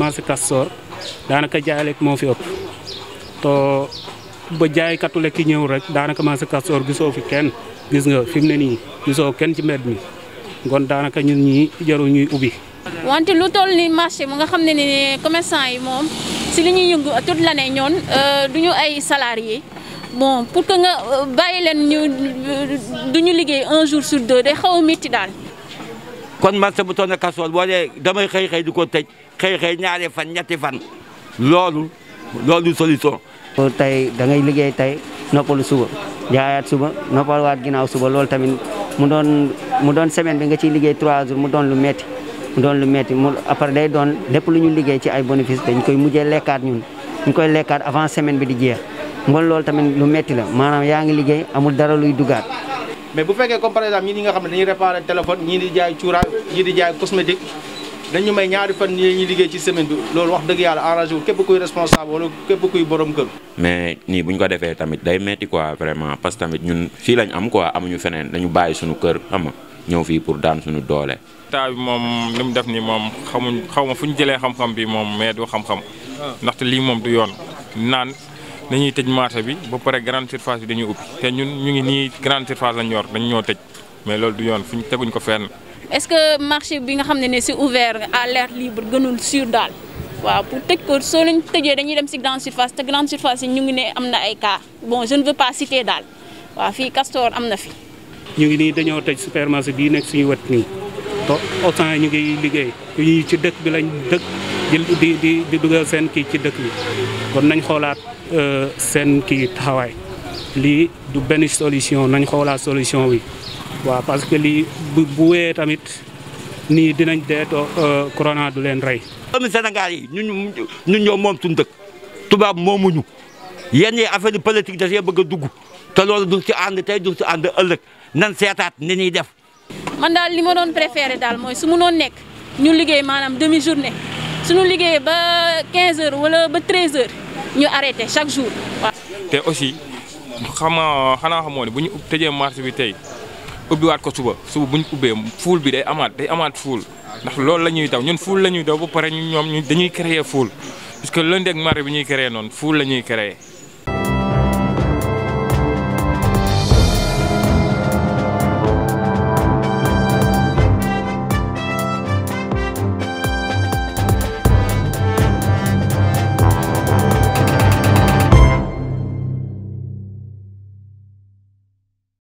marché Castor daanaka jaay lekk moo fi ëpp to ba jaaykatu lekk yi ñëw rek daanaka marché Castor gisoo kenn gis nga fi mu ne nii gisoo kenn ci mbedd mi kon daanaka ñun ñi jarul ubbi. wante lu toll ni marché mu nga xam ne ni commerçant yi moom si li ñuy yëngu toute l'année ñoon euh, du ñu ay salariés bon pour que nga euh, bàyyi du ñu euh, liggéey un jour sur deux xaw a daal. kon man sama tonne casserole boo dee damay xëy xëy du ko tëj xëy xëy ñaari fan ñetti fan loolu loolu solution. tey da ngay liggéey tey noppalu suba jaayaat suba noppaluwaat ginnaaw suba loolu tamit mu doon mu doon semaine bi nga ciy liggéey trois jours mu doon lu metti mu doon lu metti mu après day doon lépp lu ñu liggéey ci ay bénéfice dañ koy mujjee lekkaat ñun ñu koy lekkaat avant semaine bi di jeex. mbon loolu tamit lu metti la maanaam yaa ngi liggéey amul dara luy dugaat mais bu fekkee comme par exemple ñi nga xam ne dañuy réparer téléphone ñii di jaay cuuraay ñii di jaay cosmétique dañu may ñaari fan ñi ñuy liggéey ci semaine bi loolu wax dëgg yàlla arrangé wu képp kuy responsable wala képp kuy borom kër. mais nii bu ñu ko defee tamit day metti quoi vraiment parce que tamit ñun fii lañ am quoi amuñu feneen dañu bàyyi suñu kër ama ñëw fii pour daan suñu doole. état bi moom li mu def nii moom xamuñ xaw ma fu ñu jëlee xam bi moom mais du xam ah. ndaxte lii moom du yoon dañuy tëj marché bi ba pare grande surface bi dañuy ubbi te ñun ñu ngi nii grande surface lañ yor dañ ñoo tëj mais loolu du yoon fuñ teguñ ko fenn. est-ce que marché bi nga xam ne ne c'est ouvert à l'air libre gënul sur daal. waaw pour tëj ko soo leen tëjee dañuy dem ci grande surface te grande surface yi ñu ngi ne am na ay cas bon je ne veux pas daal waaw fii Castor am na fi. ñu ngi nii dañoo tëj supermarché bii nekk suñu wet nii. to autant ñu ngi liggéey. yi ci dëkk bi lañ dëkk. di di di dugal seen kii ci dëkk bi kon nañ xoolaat euh, seen kii taxawaay lii du benn solution nañ xoolaat solution bi waaw parce que lii bu bu tamit nii dinañ deetoo euh, corona du leen rey. doomi senegal yi ñu ñun ñoo moom suñu dëkk tubaab moomuñu yenn yi affaire politique da cee bëgg a dugg te loolu duñ ci ànd tey du ci ànd ëllëg nan seetaat ni ñuy def. man daal li ma doon daal mooy su noon nekk ñu liggéey maanaam demi journée. suñu liggéey ba 15 wala ba 13 heures ñu arrêté chaque jour waaw. te aussi xama xanaa xamoo ne bu ñu tëjee marché bi tey waat ko suba suba bu ñu ubbee fuul bi day amaat day amaat fuul ndax loolu la ñuy daw ñun fuul la ñuy daw ba pare ñoom dañuy créer fuul parce que lundi ak mari bi ñuy créer noonu fuul la ñuy créer.